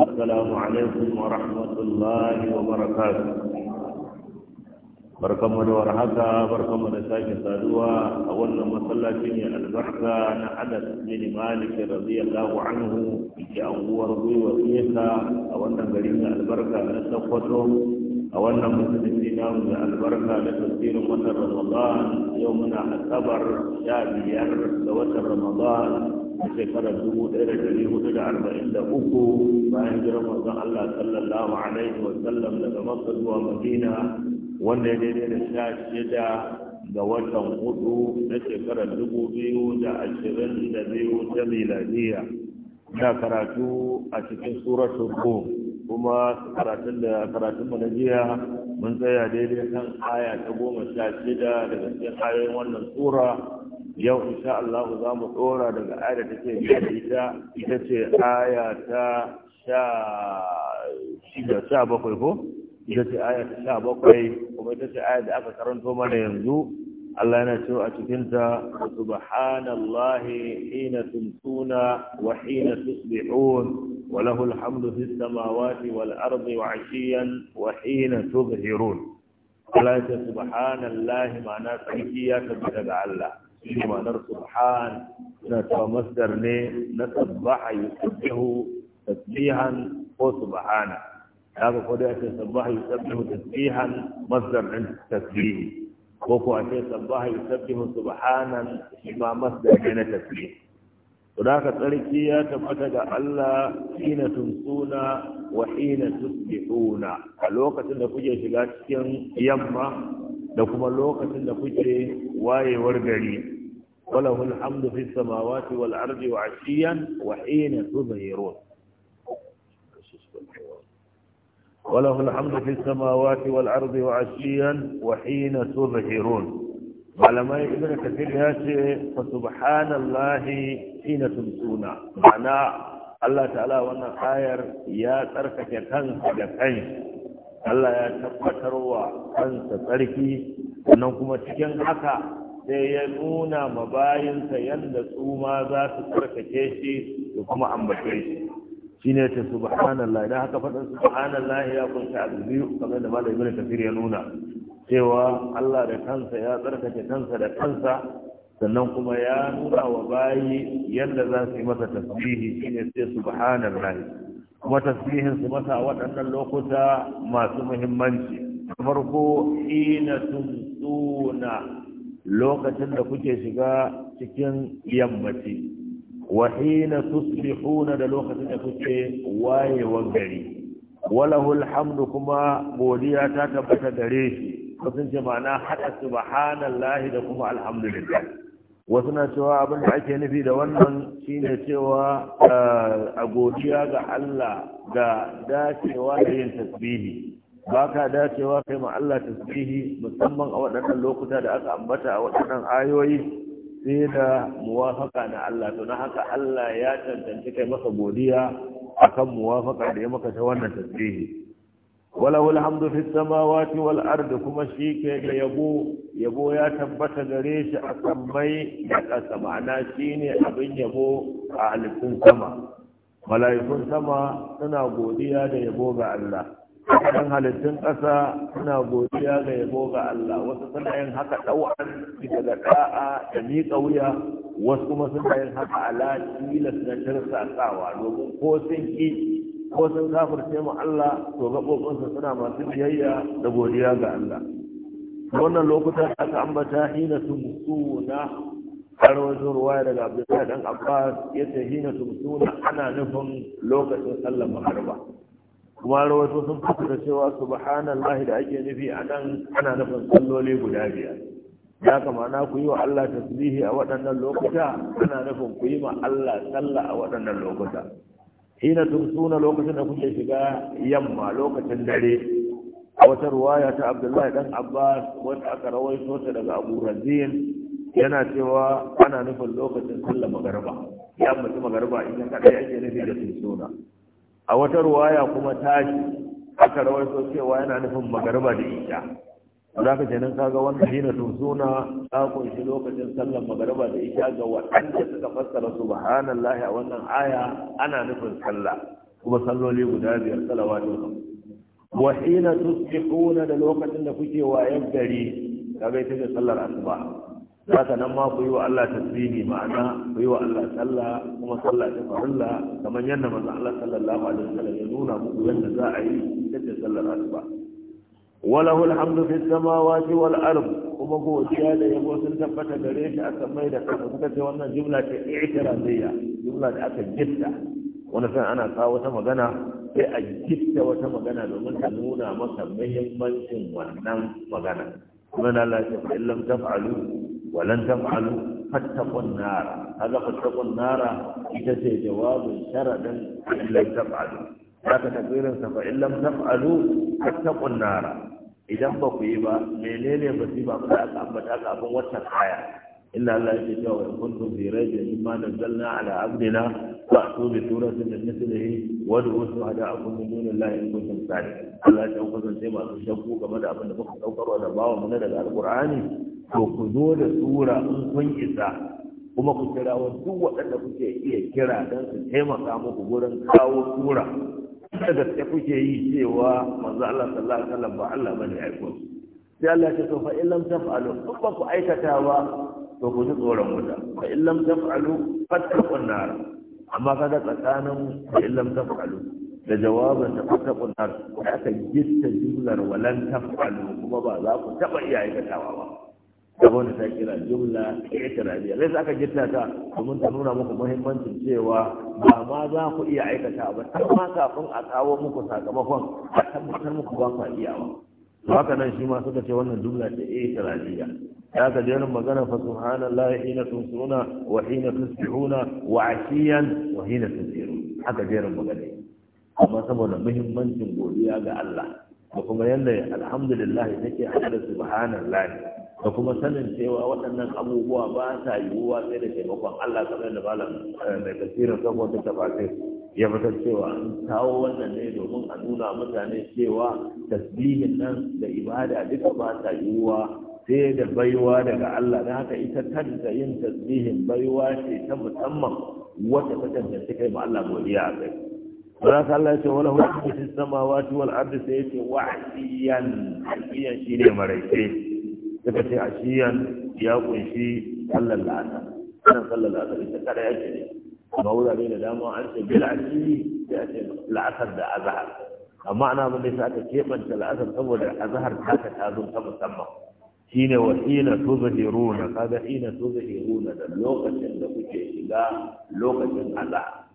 السلام عليكم ورحمة الله وبركاته barkanmu da warhaka barkanmu da sake saduwa a wannan masallaci ne albarka na Anas bin Malik radiyallahu anhu ke anguwar gwiwa Isa a wannan gari na albarka na Sokoto a wannan musulunci namu da albarka da tasirin watan Ramadan yau muna asabar sha biyar da watan Ramadan a shekarar dubu ɗaya da ɗari hudu da arba'in da uku bayan jiran manzon Allah sallallahu alaihi wa sallam daga Makka zuwa Madina wanda ya daidai da sha shida ga watan hudu na shekarar dubu biyu da ashirin da biyu ta miladiya na karatu a cikin suratul rum kuma karatun da karatun mu na jiya mun tsaya daidai kan aya ta goma sha shida daga cikin ayoyin wannan sura yau insha Allah za mu tsora daga ayar da take biya da ita ita ce aya ta sha shida sha bakwai ko ita ce aya ta sha bakwai kuma ita ce aya da aka karanto mana yanzu Allah yana cewa a cikinta subhanallahi hina tumsuna wa hina tusbihun wa lahu alhamdu fis samawati wal ardi wa ashiyan wa hina tuzhirun Allah ya ce subhanallahi ma'ana tsarki ya tabbata ga Allah shi ne ma'anar subhan yana cewa masdar ne na sabbaha yusabbihu tasbihan ko subhana haka ko dai ake sabbaha yusabbihu tasbihan masdar din tasbihi ko ko ake sabbaha yusabbihu subhanan shi ma masdar ne na tasbihi to da haka tsarki ya tabbata ga Allah hina tumsuna wa hina tusbihuna a lokacin da kuke shiga cikin yamma da kuma lokacin da kuke wayewar gari وله الحمد في السماوات والأرض وعشيا وحين تظهرون وله الحمد في السماوات والأرض وعشيا وحين تظهرون ما ابن كثير هاشي فسبحان الله حين تمسون معنى الله تعالى وانا آير يا تركك تنهج تنهج Allah ya tabbatar wa kansa tsarki sannan kuma cikin haka sai ya nuna ma bayinsa yadda su ma za su tsarkake shi da kuma ambace shi shine ta subhanallah idan haka faɗin subhanallah ya kunshi a biyu kamar da malam ibnu kafir ya nuna cewa Allah da kansa ya tsarkake kansa da kansa sannan kuma ya nuna wa bayi yadda za su yi masa tasbihi shine sai subhanallah kuma tasbihin su masa waɗannan lokuta masu muhimmanci farko ina tumsuna lokacin da kuke shiga cikin yammaci wa hina tusbihuna da lokacin da kuke wayewar gari walahul hamdu kuma godiya ta tabbata gare shi sun ma'ana haɗa subhanallahi da kuma alhamdulillah wasu na cewa abin da ake nufi da wannan shine cewa eh, a godiya ga Allah ga dacewa da yin tasbihi ba ka dacewa kai ma Allah tasbihi musamman a waɗannan lokuta da aka ambata a waɗannan ayoyi sai da muwafaka na Allah to na haka Allah ya cancanci kai masa godiya akan muwafaka da ya maka ta wannan tasbihi وله الحمد في السماوات والأرض كما شيك يبو يبو يا تبت غريش abin yabo a أبن يبو أهل sama suna godiya da yabo يبو الله dan halittun ƙasa suna godiya ga yabo ga Allah wasu suna yin haka ɗau'an bisa ga ɗa'a da miƙa wuya wasu kuma suna yin haka ala tilas na domin ko sun ƙi ko sun kafirce mu Allah to gaɓoɓinsa suna masu biyayya da godiya ga Allah wannan lokutan aka ambata hina tumsuna har wajen ruwa daga abdullahi dan abbas ya ce hina tumsuna ana nufin lokacin sallar maharba kuma rawaito sun fita cewa subhanallahi da ake nufi a nan, ana nufin salloli guda biyar ya kamana ku yi wa Allah tasbihi a waɗannan lokuta ana nufin ku yi ma Allah sallah a waɗannan lokuta hina tumsuna lokacin da kuke shiga yamma lokacin dare a wata ruwaya ta abdullahi dan abbas wata aka rawaito ta daga abu razin yana cewa ana nufin lokacin sallar magarba yamma ta magarba idan kadai ake nufi da tumsuna a wata ruwaya kuma tashi aka rawaito cewa yana nufin magarba da isha za ka kenan kaga wannan hina tusuna ta kunshi lokacin sallar magariba da isha ga waɗanda suka fassara subhanallah a wannan aya ana nufin sallah kuma salloli guda biyar salawatu wa hina tusbihuna da lokacin da kuke wayar gari kaga ita ce sallar asuba haka nan ma ku yi wa Allah tasbihi ma'ana ku yi wa Allah sallah kuma sallah ta farilla kamar yadda manzo Allah sallallahu alaihi wasallam ya nuna muku yadda za a yi ita ce sallar asuba وله الحمد في السماوات والأرض كما هو الشهادة يقول سنتبت بريش أسمي لك سنتبت وانا جملة اعتراضية جملة أكد جدة ونسان أنا قاوة مغنى في الجدة وتمغنى لمن تنونا مسميهم منشن ونم مغنى من لا تفعل لم تفعلوا ولن تفعلوا فاتقوا النار هذا فاتقوا النار إذا جواب شردا لن تفعلوا ذاك تقريرا فإن لم تفعلوا فاتقوا النار idan ba ku yi ba menene musiba ku aka ambata ka abin watan aya inna Allah ya ce wa kuntum fi raybin mimma nazzalna ala abdina tu bi suratin min mithlihi wa ad'u akum min dunillahi in kuntum sadiqin Allah ya ba su shakku game da abin da muka wa da bawa mun daga alqur'ani to ku zo da sura in kun isa kuma ku kira wa duk waɗanda kuke iya kira don su taimaka muku gurin kawo sura da gaske kuke yi cewa manzo Allah sallallahu alaihi wasallam ba Allah bane ya aiko sai Allah ya ce to fa in lam taf'alu in ba ku aikata ba to ku ji tsoron wuta fa in lam taf'alu fattaqun nar amma kaga tsakanin fa in lam taf'alu da jawabin da fattaqun nar da aka gitta jumlar walan taf'alu kuma ba za ku taba iya aikatawa ba da ta kira jumla i'tirabiyya sai aka gitta ta domin ta nuna muku muhimmancin cewa ba ma za ku iya aikata ba har ma kafin a kawo muku sakamakon a tabbatar muku ba ku ba to haka nan shi ma suka ce wannan jumla ce i'tirabiyya ya ka jerin magana fa subhanallahi hina tumsiruna wa hina tusbihuna wa ashiyan wa hina tusbihuna haka jerin magana amma saboda muhimmancin godiya ga Allah da kuma yanda alhamdulillah take a da subhanallahi da kuma sanin cewa waɗannan abubuwa ba sa yiwuwa sai da taimakon Allah kamar da malam eh, mai tasirin sabon ta tabatai ya fitar cewa an kawo wannan ne domin a nuna mutane cewa tasbihin nan da ibada duka ba sa yiwuwa sai da baiwa daga Allah don haka ita kanta yin tasbihin baiwa ce ta musamman wata ta kai ma Allah godiya a kai. Ba ka Allah ce wani hukumar cikin samawa tuwal ardi sai ya ce wa'adiyan, shi ne maraice. Daga ce ashiyan ya kunshi sallar la'asar wannan sallar la'asar ita kada yake ne amma wurare da dama an ce bil ashiyi sai ce la'asar da azhar amma ana mun dai aka keɓanta la'asar saboda azhar ta ka ta zo ta musamman shine wa hina tuzhiruna kaga hina tuzhiruna da lokacin da kuke shiga lokacin azhar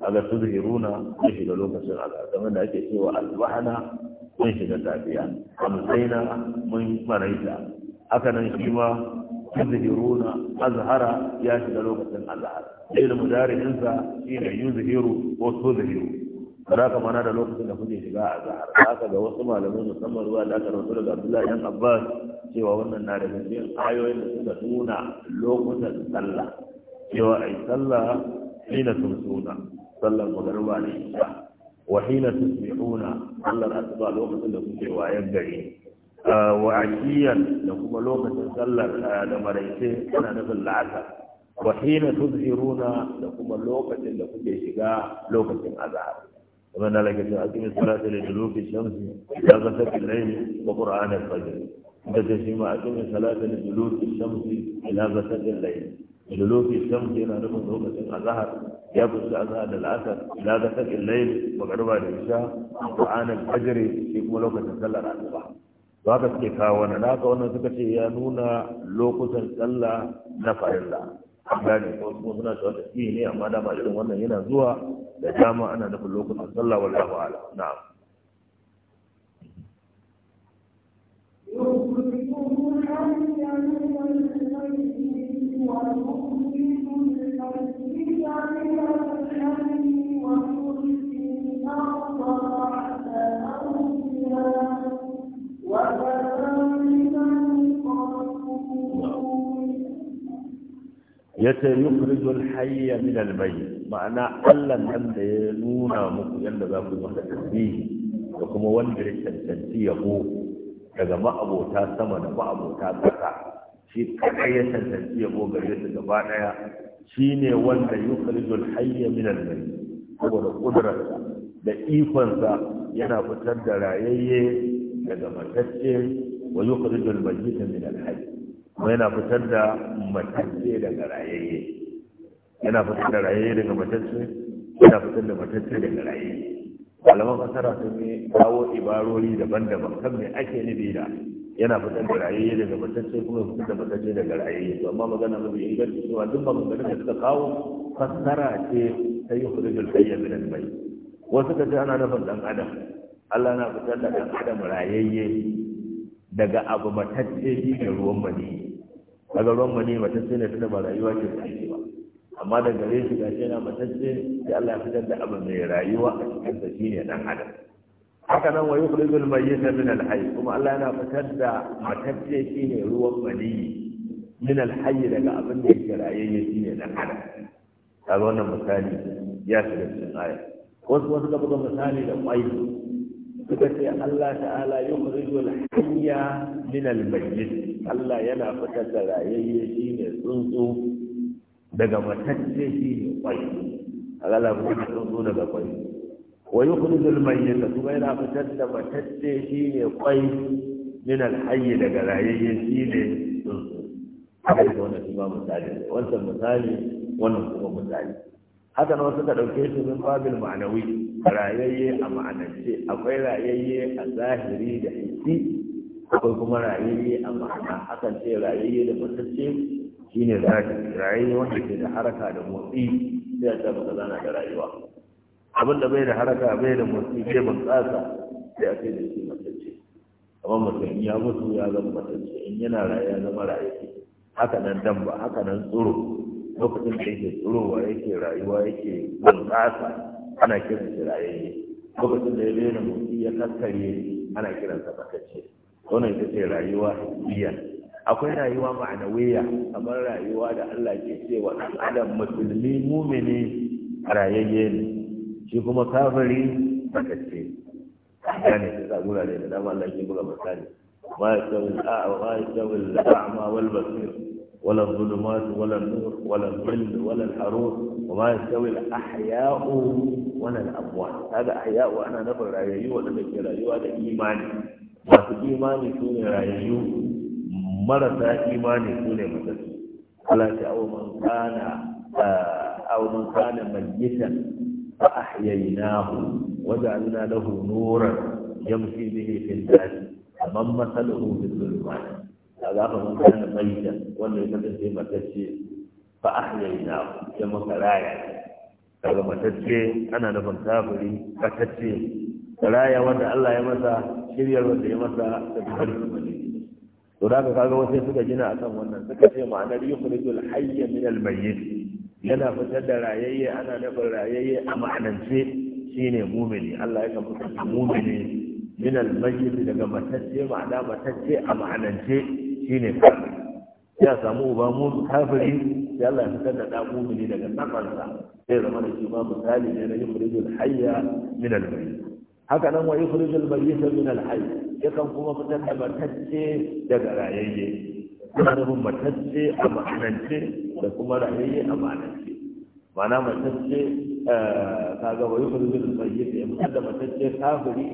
kaga tuzhiruna kun shiga lokacin azhar kamar da ake cewa asbahana mun shiga safiya amsaina mun maraita aka nan shi ma yuzhiruna azhara ya shiga lokacin azhar dai da mudarinsa shi ne yuzhiru ko tuzhiru kada ka mana da lokacin da kuke shiga azhar haka ga wasu malamai musamman ruwa da aka rubuta daga Abdullahi dan Abbas cewa wannan na da cikin ayoyin da suka nuna lokutan sallah cewa ai sallah hina tumsuna sallar magariba ne wa hina tusbihuna sallar asuba lokacin da kuke wayar gari wa akiyan da kuma lokacin sallar da maraice kana da sallata wa hina tuzhiruna da kuma lokacin da kuke shiga lokacin azhar kuma na lagace a cikin salatu da dulufi shamsi da ga sakin layli wa qur'an al-fajr da ta shi ma a cikin salatu da dulufi shamsi ila ga sakin layli dulufi shamsi yana nufin lokacin azhar ya kusa azhar da al-asr ila ga sakin layli magruba da isha qur'an al-fajr shi kuma lokacin sallar asuba to haka suke kawo wannan haka wannan suka ce ya nuna lokutan tsalla na farilla an gane ko kuma suna cewa da shi ne amma da ba irin wannan yana zuwa da dama ana nufin lokutan tsalla wallahu a'lam na'am وَالْمُؤْمِنُونَ الَّذِينَ آمَنُوا ya ce yukhrijul hayya min al-mayyit ma'ana Allah nan da ya nuna muku yadda za ku masa tasbihi da kuma wanda ya cancanci yabo daga ma'abota sama da ma'abota ƙasa shi kadai ya cancanci yabo gare su gaba daya shine wanda yukhrijul hayya min al-mayyit saboda kudrar da ikonsa yana fitar da rayayye daga matacce wa yukhrijul mayyita min al-hayy kuma yana fitar da matacce daga rayayye yana fitar da rayayye daga matacce yana fitar da matacce daga rayayye malaman fasara sun yi kawo ibarori daban-daban kan me ake nufi da yana fitar da rayayye daga matacce kuma fitar da matacce daga rayayye to amma magana mafi inganci cewa duk maganganun da suka kawo fasara ce ta yi hudujul hayya min al mai. wasu kaje ana nufin dan adam Allah na fitar da ɗan adam rayayye daga abu matacce shi ne ruwan mani daga ruwan mani matacce ne tunda ba rayuwa ce ba amma da gare shi gashi yana matacce sai Allah ya fitar da abu mai rayuwa a cikin shi ne ɗan adam haka nan wa yukhrijul mayyita min alhayy kuma Allah yana fitar da matacce shi ne ruwan mani min alhayy daga abin da yake rayayye ne ɗan adam kaga wannan misali ya shiga cikin aya wasu wasu da buga misali da kwai suka ce Allah ta'ala yin rijul hanya min almayyit Allah yana fitar da rayayye shi ne tsuntsu daga matacce shi ne kwai Allah ku ne tsuntsu daga kwai wa yukhrijul mayyit kuma yana fitar da matacce shi ne kwai min alhayy daga rayayye shi ne tsuntsu haka ne wannan shi misali wannan misali wannan kuma misali haka nan suka ɗauke shi min babil ma'anawi rayayye a ma'anance akwai rayayye a zahiri da hissi akwai kuma rayayye a ma'ana akan ce rayayye da matacce shi ne rayayye wanda ke da haraka da motsi sai a ce maka zana da rayuwa abinda bai da haraka bai da motsi bai bunƙasa sai a kai da shi matacce amma mutum ya mutu ya zama matacce in yana rayuwa zama rayayye haka nan damba haka nan tsoro lokacin da yake tsirowa yake rayuwa yake bunƙasa ana kira shi rayayye lokacin da ya rena motsi ya kaskare ana kiran sa bakacce wannan ita ce rayuwa biyan akwai rayuwa ma'anawiya kamar rayuwa da Allah ke cewa ɗan adam musulmi mumini rayayye ne shi kuma kafiri bakacce ne ta tsagura ne da dama Allah ke buga misali ma ya tsawil a'ma wal basir ولا الظلمات ولا النور ولا الظل ولا الحرور وما يستوي الاحياء ولا الاموات هذا احياء وانا نقول رايو ولا نقول رايو هذا ايماني ما في ايماني يكون رايو مرتا ايماني يكون مدرس ولا او من كان آه، او من كان ميتا فاحييناه وجعلنا له نورا يمشي به في الناس فمن مثله في الظلمات da za ka mun kana mayyitan wanda ya kasance matacce fa ahyayna ya muka raya daga matacce ana nufin kafiri matacce raya wanda Allah ya masa shiryar wanda ya masa da barkin madina to da ka kaga wasu suka gina akan wannan suka ce ma'anar yukhrijul hayya min al mayyit yana fitar da rayayye ana nufin rayayye a ma'anance shine mumini Allah ya kamata mumini min almayyit daga matacce ma'ana matacce a ma'anance shine ya samu uba mu kafiri sai Allah ya fitar da da mumini daga tsakansa sai zama da shi ba misali ne na yukhrijul hayya min al mayyit haka nan wa yukhrijul mayyit min al hayy kan kuma fitar da matacce daga rayayye da nufin matacce a ma'anance da kuma rayayye a ma'anance ma'ana matacce eh, kaga wa yukhrijul mayyit ya fitar da matacce kafiri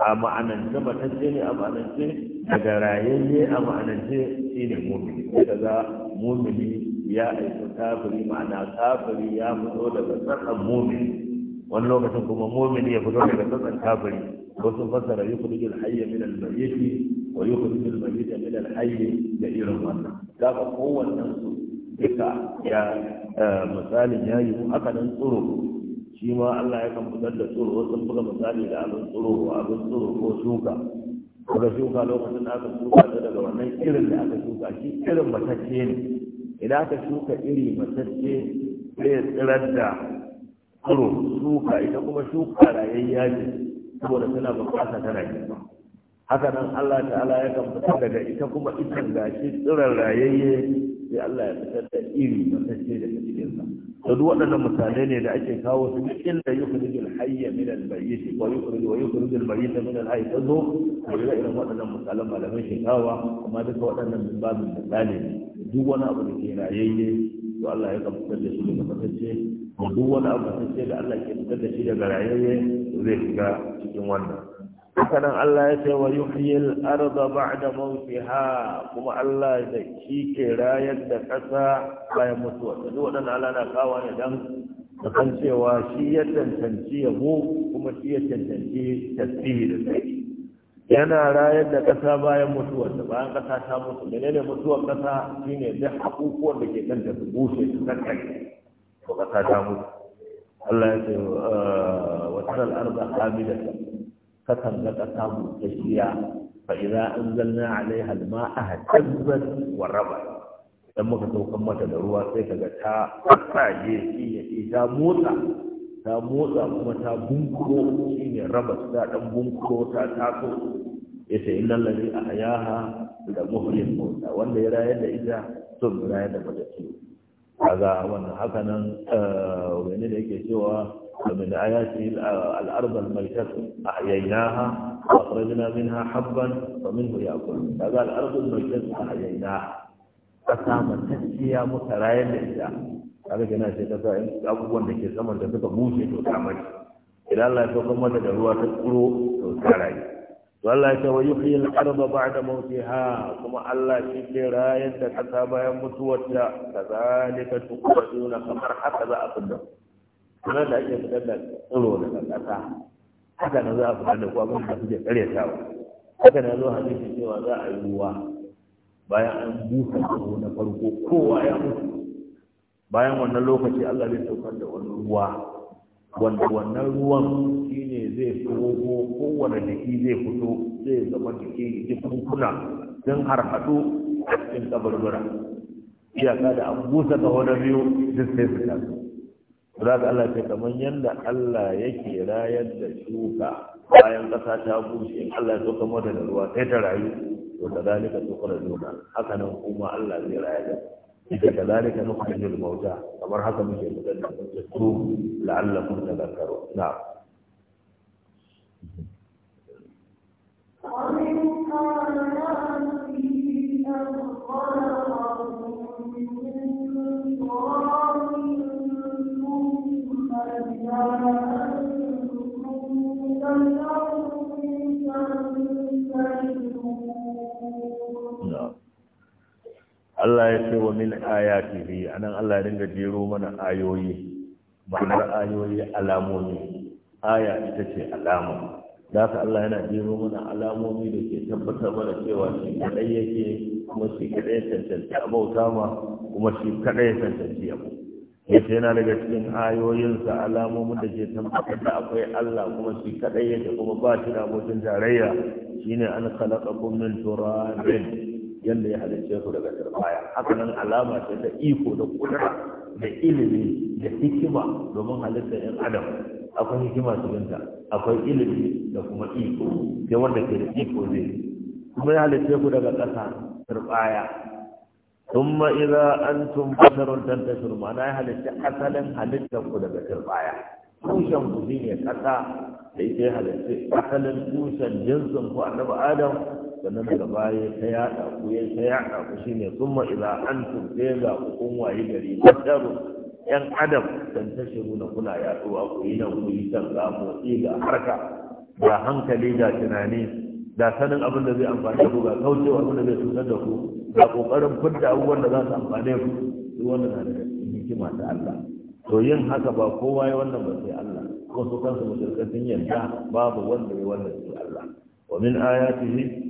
a ma'anance matacce ne a ma'anance daga rayayye a ma'anance shi ne mumini daga za mumini ya aiko kafiri ma'ana kafiri ya fito daga sassan mumini wani lokacin kuma mumini ya fito daga tsatsan kafiri wasu fassara yi kudu jil hayya min al-mayyiti wa yi kudu jil mayyita min al-hayyi da irin wannan Za ka kowannen su duka ya eh, misalin ya yi haka nan tsoro shi ma Allah ya kan fitar da tsoro sun buga misali da abin tsoro abin tsoro ko shuka aka shuka lokacin da aka shuka ta daga wannan irin da aka shuka shi irin matacce ne idan aka shuka iri matacce ya tsirar da tsiro shuka ita kuma shuka rayayya ce saboda tana bukata tana girma haka nan Allah ta'ala ya kan fitar daga ita kuma ga gashi tsirar rayayye sai Allah ya fitar da iri matacce daga cikinsa to duk waɗannan mutane ne da ake kawo su duk inda yukhrij al-hayya min al-mayyit wa yukhrij wa yukhrij al-mayyit min al-hayy tazo to ga irin waɗannan misalan malaman shekawa amma duka waɗannan min da duk wani abu da ke rayayye to Allah ya kamfutar da shi daga fatacce duk wani abu da Allah ke fitar da shi daga rayayye zai shiga cikin wannan hakanan Allah ya ce wa yuhyil arda ba'da mawtiha kuma Allah da shi ke rayar da ƙasa bayan mutuwa duk waɗannan Allah na kawo ne dan kan cewa shi ya tantance mu kuma shi ya tantance tasbihi da sai yana rayar da ƙasa bayan mutuwa da bayan ƙasa ta mutu menene mutuwar ƙasa shine duk hakukuwan da ke kanta su bushe su kakkare to ƙasa ta mutu Allah ya ce wa tsara al-arda hamidatan takan ga ƙasa busasshiya fa idza zana alaiha halma hatabbat wa rabat dan muka saukan mata da ruwa sai kaga ta tsaje shi ta motsa ta motsa kuma ta bunkuro shine rabat ta ɗan bunko ta taso yace innal a ahyaha da muhlim mota wanda ya rayar da ita to rayar da mata kaga wannan haka nan wani da yake cewa ومن آياته الأرض الميتة أحييناها وأخرجنا منها حبا ومنه يأكل هذا الأرض الميتة أحييناها فسام تسيا متراية لإنسان هذا كنا سيكسا أبوان لكي سمن تبقى موشي تسامج إلى الله يتوقع مدى جهوة تسكرو تسكرعي والله كما يحيي الأرض بعد موتها ثم الله شكي راية حتى ما يموت وتا كذلك تقرأون خبر حتى أقدم kuma da ake fitar da tsiro daga ƙasa haka na za a fitar da kuwa da suke karyatawa haka na zo hadisi cewa za a yi ruwa bayan an busa tsiro na farko kowa ya mutu bayan wannan lokaci Allah zai saukar da wani ruwa wanda wannan ruwan shi ne zai fito kowane jiki zai fito zai zama jiki kunkuna, don har haɗu a cikin kaburbura iyaka da an busa ta wani biyu duk sai su tasu za ka Allah ce kamar yadda Allah yake rayar da shuka bayan ƙasa ta bushe in Allah ya soka mota da ruwa sai ta rayu to da zalika tukura nuna haka nan kuma Allah zai rayar da ita da zalika na kuma jil mauta kamar haka muke fitar da mutattu la'alla kun tazakkaru na'am Allah ya ce wa min bi anan Allah ya dinga jero mana ayoyi ma'anar ayoyi alamomi aya ita ce alama da haka Allah yana jero mana alamomi da ke tabbatar mana cewa shi kadai yake kuma shi kadai ya cancanci a bauta ma kuma shi kadai ya cancanci a yace yana daga cikin ayoyinsa alamomin da ke tabbatar da akwai Allah kuma shi kadai yake kuma ba shi da abokin tarayya shine an khalaqakum min turabin yadda ya halicce ku daga turbaya Hakanan alama ce ta iko da kudura da ilimi da hikima domin halitta yan adam akwai hikima cikinta akwai ilimi da kuma iko sai wanda ke da iko zai kuma ya halitce ku daga ƙasa turbaya thumma idza antum basharun tantashur na ya halitta asalin halitta ku daga turbaya tushen ku shine ƙasa da ita ya halitta asalin tushen jinsin ku annabi adam sannan daga baya ta yaɗa ku ya ta yaɗa ku shine summa idza antum sai ga kun waye gari taro yan adam ta shiru na kuna yaɗuwa ku yi nan ku yi can ga yi ga harka ga hankali da tunani da sanin abin da zai amfane ku ga kaucewa abin da zai cutar da ku ga kokarin fidda abubuwan da za su amfane ku duk wannan na da hikima ta Allah to yin haka ba kowa ya wannan ba sai Allah ko su kansu mutum sun yanta babu wanda ya wannan sai Allah wa min ayatihi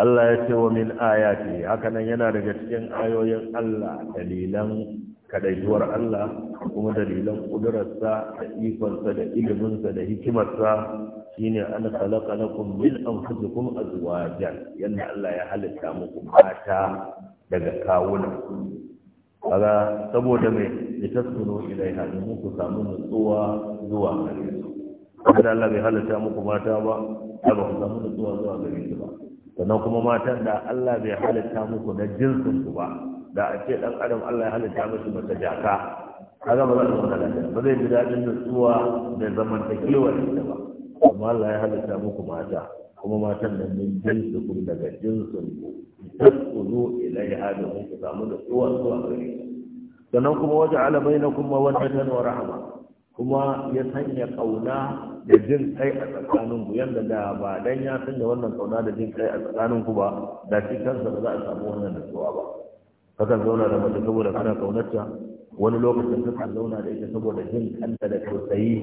Allah ya ce wa min ayati hakanan yana daga cikin ayoyin Allah dalilan kadaituwar Allah kuma dalilan kudurarsa da ikonsa da iliminsa da hikimarsa shine an khalaqa lakum min anfusikum azwajan yanda Allah ya halitta muku mata daga kawuna kaga saboda mai litaskunu ilaiha domin ku samu nutsuwa zuwa gare su Allah bai halitta muku mata ba ba ku samu nutsuwa zuwa gare su ba sannan kuma matan da Allah bai halitta muku na jinsin ku ba da a ce dan adam Allah ya halitta musu mata jaka kaga ba za su zauna lafiya ba zai ji daɗin nutsuwa da zamantakewar ita ba amma Allah ya halitta muku mata kuma matan da min jinsu ku daga jinsin ku tasqulu ilaiha da ku samu nutsuwa zuwa gare sannan kuma alamai waja'ala bainakum mawaddatan wa rahama. kuma ya sanya ƙauna da jin kai a tsakanin ku yanda da ba dan ya sanya wannan ƙauna da jin kai a tsakanin ku ba da shi kansa ba za a samu wannan nutsuwa ba kakan zauna da mace saboda kana ƙaunarta wani lokacin kakan zauna da ita saboda jin kanta da tausayi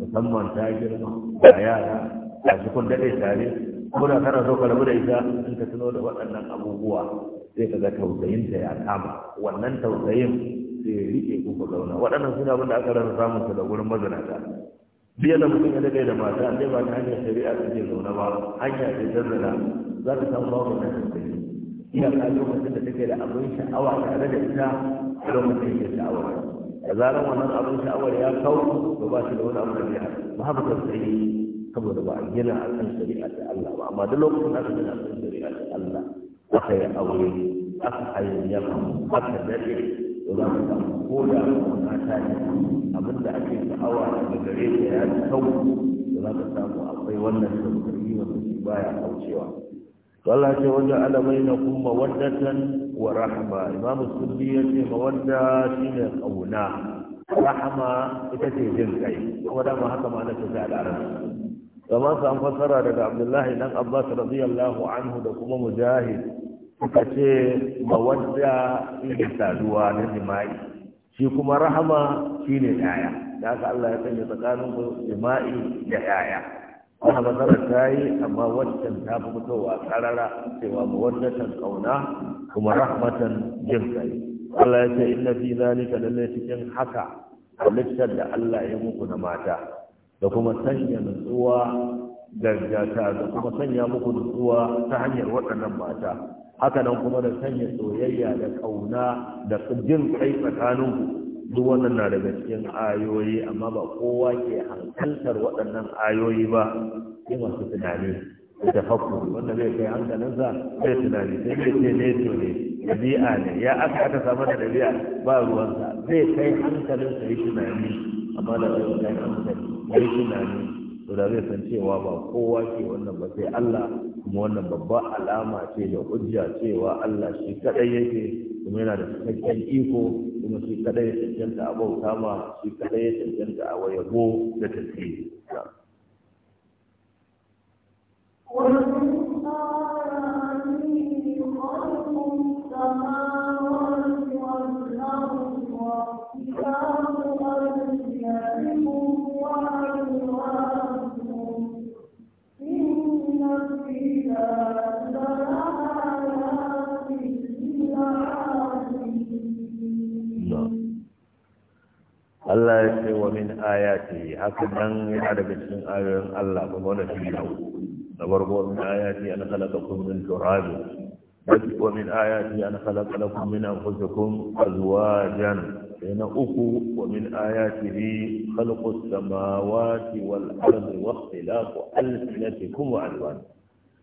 musamman ta girma da yara A cikin daɗe tare ko kana so ka rabu da ita in ka tuno da waɗannan abubuwa sai ka ga tausayinta ya kama wannan tausayin ce rike ku ku zauna waɗannan suna abin da aka rasa samun su da gurin mazanata biyan da mutum ya daɗe da mata an dai ba ta hanyar shari'a ta ce zauna ba hanya ce ta za ta samu babu na tattali iya ka mutum da take da abin sha'awa tare da ita a mutum da sha'awa da zarar wannan abin sha'awar ya kawo to ba shi da wani abu da biya ba haka tattali saboda ba a gina a kan shari'a ta Allah ba amma duk lokacin da aka gina a kan shari'a ta Allah aka yi aure aka hayayyafa aka dade ko da kuma ta ne abin da ake sha'awa daga gare ta ya fi kau da za ka samu akwai wannan sabbari wanda shi baya kaucewa to Allah ce wajen alamai na kuma waddatan wa rahma imamu sulli ya ce mawadda shi ne kauna rahama ita ce jin kai kuma dama haka ma na ta ga al'arabci kamar an fassara daga abdullahi nan abbas radiyallahu anhu da kuma mujahid kuka ce mawadda ina saduwa na jima'i shi kuma rahama shi ne ɗaya da haka Allah ya sanya tsakanin ku jima'i da ɗaya wannan matsalar ta yi amma wancan ta fi fitowa karara cewa mawaddatan ƙauna kuma rahmatan jin kai Allah ya ce inna fi zalika lalle cikin haka halittar da Allah ya muku na mata da kuma sanya nutsuwa gargata da kuma sanya muku nutsuwa ta hanyar waɗannan mata haka nan kuma da sanya soyayya da kauna da jin kai tsakaninku duk wannan na daga cikin ayoyi amma ba kowa ke hankaltar waɗannan ayoyi ba sai masu tunani da tafakku wanda zai kai hankalinsa zai tunani sai zai ce ne to ne dabi'a ne ya aka aka samu da dabi'a ba ruwansa zai kai hankalinsa ya tunani amma da zai kai hankali ya tunani to da zai san cewa ba kowa ke wannan ba sai Allah kuma wannan babba alama ce da hujja cewa Allah shi kadai yake kuma yana da cikakken iko kuma shi kadai ya cancanta a bauta ma shi kadai ya cancanta a wayabo da tasiri Thank you. Allah ya ce wa min ayati haka dan yana daga cikin ayoyin Allah ba wanda shi ne na farko min ayati an khalaqakum min turab wa min ayati an khalaqa lakum min anfusikum azwajan na uku wa min ayatihi khalqu samawati wal ardi wa ikhtilafu alsinatikum wa alwanikum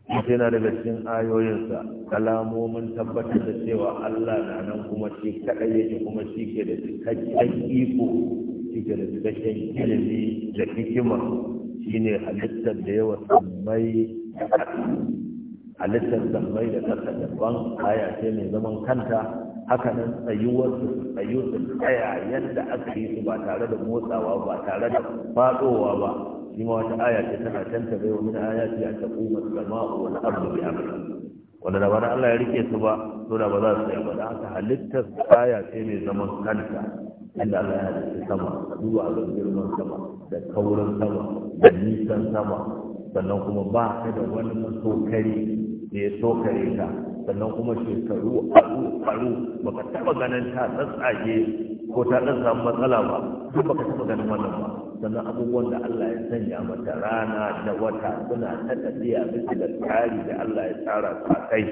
yana daga cikin ayoyinsa kalamomin tabbatar da cewa Allah na nan kuma shi kaɗai yake kuma shi ke da cikakken iko shi ke da cikakken ilimi da hikima shine halittar da yawa sammai da halittar sammai da ƙasa daban aya ce mai zaman kanta haka nan tsayuwarsu tsayu su tsaya yadda aka yi su ba tare da motsawa ba tare da faɗowa ba shi ma wata aya ce tana tanta bai wani aya ce a taɓo sama wani abu da amurka wanda da bana Allah ya rike su ba to da ba za su yi ba da haka halittar aya ce mai zaman kanta inda Allah ya halitta sama duba ga girman sama da kaurin sama da nisan sama sannan kuma ba ka da wani masokari da ya sokare ka sannan kuma shekaru aru Ba ka taɓa ganin ta tsatsage ko ta ɗan samu matsala ba duk baka taɓa ganin wannan ba sannan abubuwan da Allah ya sanya mata rana da wata suna ta tafiya bisa da tsari da Allah ya tsara su a kai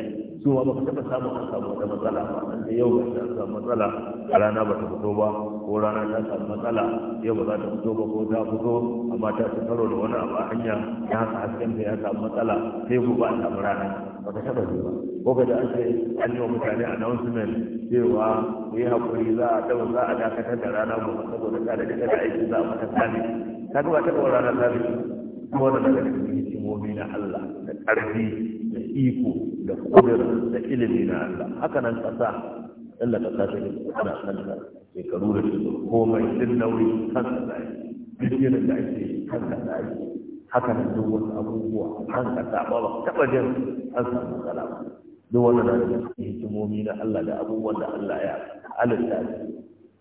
su ma baka taɓa samun an samu wata matsala ba an da yau ba ta samu matsala a rana ba ta fito ba ko rana ta samu matsala yau ba za ta fito ba ko ta fito amma ta ci karo da wani abu a hanya ya haka hasken ya samu matsala sai ba a samu rana ba ka taɓa zuwa ko ka da an ce an yi wa mutane announcement cewa ku yi haƙuri za a dawo za a dakatar da rana ba saboda ka da duka da aiki za a mata sami ka ga ta kawo rana sami kuma da daga cikin hikimomi na Allah da ƙarfi da iko da kudura da ilimi na Allah haka nan ƙasa Allah ka sa shi ana sallah shekaru da shekaru komai duk nauyi kanka da aiki duk irin da ake kanka da aiki haka nan duk wasu abubuwa kanka da ba taɓa jin an samu matsala ba duk wannan na da hikimomi na Allah da abubuwan da Allah ya halitta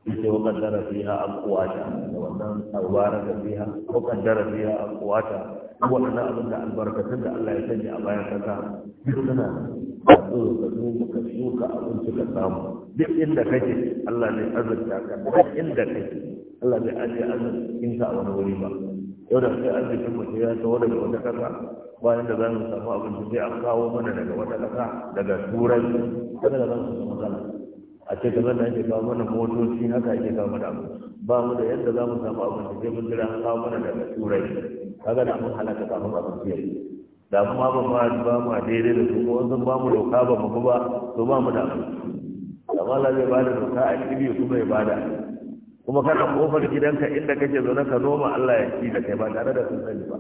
ita wa kaddara fiha aqwata da wannan awara da fiha wa kaddara fiha aqwata waɗannan abin da albarkatun da Allah ya sanya a bayan kasa duk suna a tsoro ka noma ka shuka abinci ka samu duk inda kake Allah zai azurta ka duk inda kake Allah zai ajiye in ka a wani wuri ba yau da kai arzikin mutum ya taho daga wata kasa bayan da za mu samu abinci sai a kawo mana daga wata kasa daga turai kada da za mu samu matsala a ce ka zanna ake kawo mana motoci haka ake kawo mana abu ba mu da yadda za mu samu abinci sai mun jira an kawo mana daga turai kaga da mun halaka ta ba su yi da kuma ba ma ba mu daidai da su ko ba mu doka ba mu ba to ba mu da su amma Allah zai bada doka a kibi kuma ya bada kuma kana kofar gidanka inda kake zaune ka noma Allah ya ci da kai ba tare da sun sani ba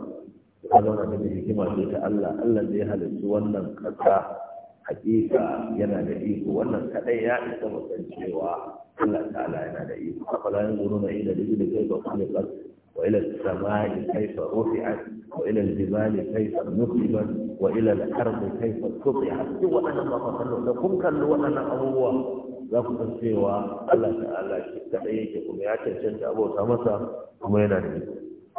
ka zauna da hikima ce ta Allah Allah zai halarci wannan kasa hakika yana da iko wannan kadai ya isa mutan cewa Allah ta'ala yana da iko afala yanzuruna ila rijli kayfa khuliqat وإلى السماء كيف رفعت وإلى الجبال كيف نصبت وإلى الأرض كيف قطعت هو أنا ما فصلوا لكم كلوا أنا أبوه za ku san cewa Allah ta'ala shi kaɗai yake kuma masa kuma yana da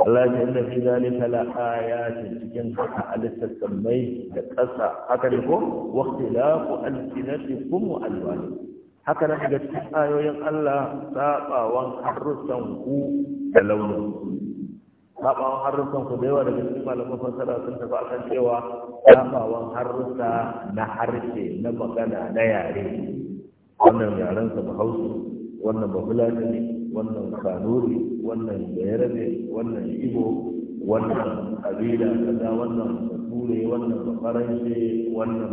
Allah ya inna fi zalika la ayatin cikin haka alistar sammai da ƙasa haka ne ko waqtilafu alsinatikum wa alwanikum haka nan daga cikin ayoyin Allah sabawan harufan ku da launin sabawan harufan ku da yawa daga cikin malamin fasara sun tafi akan cewa sabawan harufa na harshe na magana na yare wannan yaren sa Bahaushe wannan Bafulani ne wannan Kanuri wannan ne wannan Igbo wannan kabila kaza wannan Bature wannan Bafaranse wannan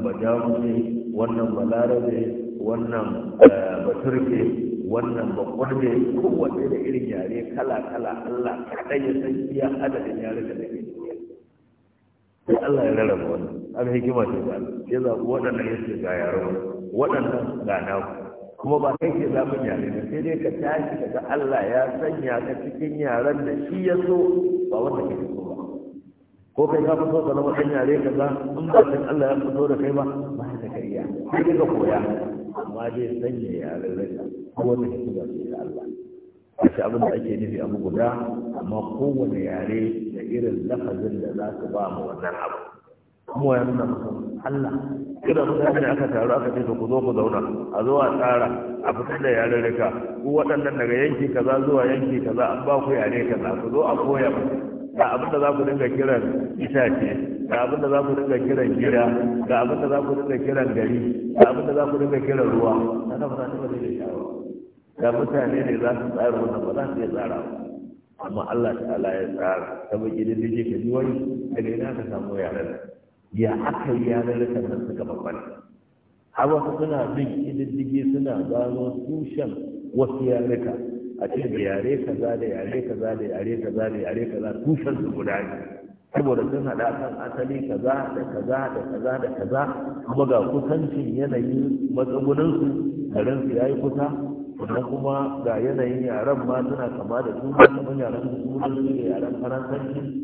ne wannan Balarabe wannan eh, baturke wannan bakwarbe kowanne da irin yare kala-kala Allah kaɗai ya san iya adadin yare da nake duniya sai Allah ya rarraba wannan an hikima ce ba ya zaɓi waɗannan ya ce ga yaro waɗannan ga naku kuma ba kai ke zaɓin yare ba sai dai ka tashi ka ga Allah ya sanya ka cikin yaren da shi ya so ba wanda ke so ba ko kai ka fito ka zama ɗan yare kaza in ba kai Allah ya fito da kai ba ba ka iya sai kika koya amma dai sanya yaren rasa ko wani hikima ce ta Allah wace abin da ake nufi abu guda amma kowane yare da irin lafazin da za su ba mu wannan abu kuma ya nuna masa Allah kira mutane aka taru aka ce ku zo ku zauna a zo a tsara a fitar da yare rika ku waɗannan daga yanki kaza zuwa yanki kaza an ba ku yare kaza ku zo a koya musu ga abin da za ku dinga kiran itace ga abin da za ku dinga kiran gida ga abin da za ku dinga kiran gari ga abin da za ku dinga kiran ruwa na ba za ba zai shawara da mutane ne za su tsara wannan ba za su iya tsara amma Allah ta'ala ya tsara ta baki da dije ka ji wani daga ina ka samu yaran ya aka yi yaran kan nan suka babban har wasu suna bin kididdige suna gano tushen wasu yaran a ce da yare kaza da yare kaza da yare kaza da yare kaza tushen su guda ne saboda sun haɗa kan asali kaza da kaza da kaza da kaza kuma ga kusancin yanayin matsugunansu, su garin su yi kusa sannan kuma ga yanayin yaren ma suna kama da su kamar yaren su da yaren faransanci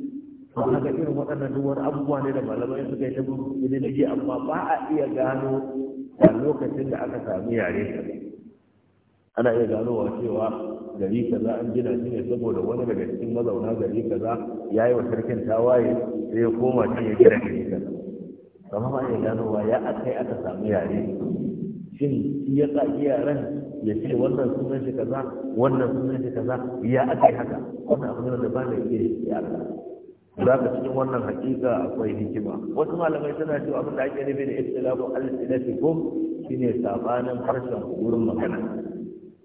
ba haka irin waɗannan duk wani abubuwa ne da malamai suka yi ta bincike amma ba a iya gano a lokacin da aka sami yare ana iya ganowa cewa gari kaza an gina shi ne saboda wani daga cikin mazauna gari kaza ya yi wa sarkin tawaye sai ya koma shi ya gina gari kaza kama ma iya ganowa ya akai aka samu yare shin shi ya sa yaran ya ce wannan sunan shi kaza wannan sunan shi kaza ya akai haka wannan abu ne da ba da iya shi ya za ka cikin wannan hakika akwai hikima wasu malamai suna cewa abin da ake nufi da istilahu al-sinatikum shine sabanin harshen gurin magana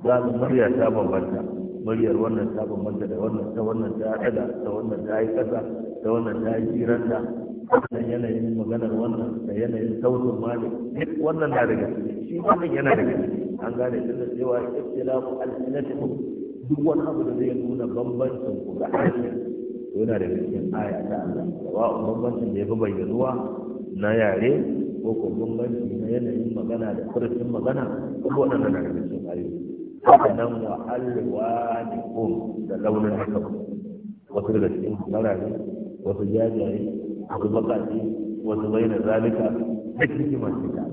za mu murya ta bambanta muryar wannan ta bambanta da wannan ta wannan ta haɗa ta wannan ta yi ƙasa ta wannan ta yi jiranta wannan yanayin maganar wannan da yanayin sautin mali duk wannan na daga shi wannan yana daga ciki an gane tunda cewa ikhtilafu al-sinatu duk wani abu da zai nuna bambancin ku ga harshen yana daga cikin aya ta Allah wa bambancin da ya fi bayyanuwa na yare ko ko bambanci na yanayin magana da furfin magana ko waɗannan na daga cikin ayoyi sannan wa alwa da kun da launin haka wasu daga cikin marari wasu jajaye wasu bakaci wasu bai zalika duk hikima masu ta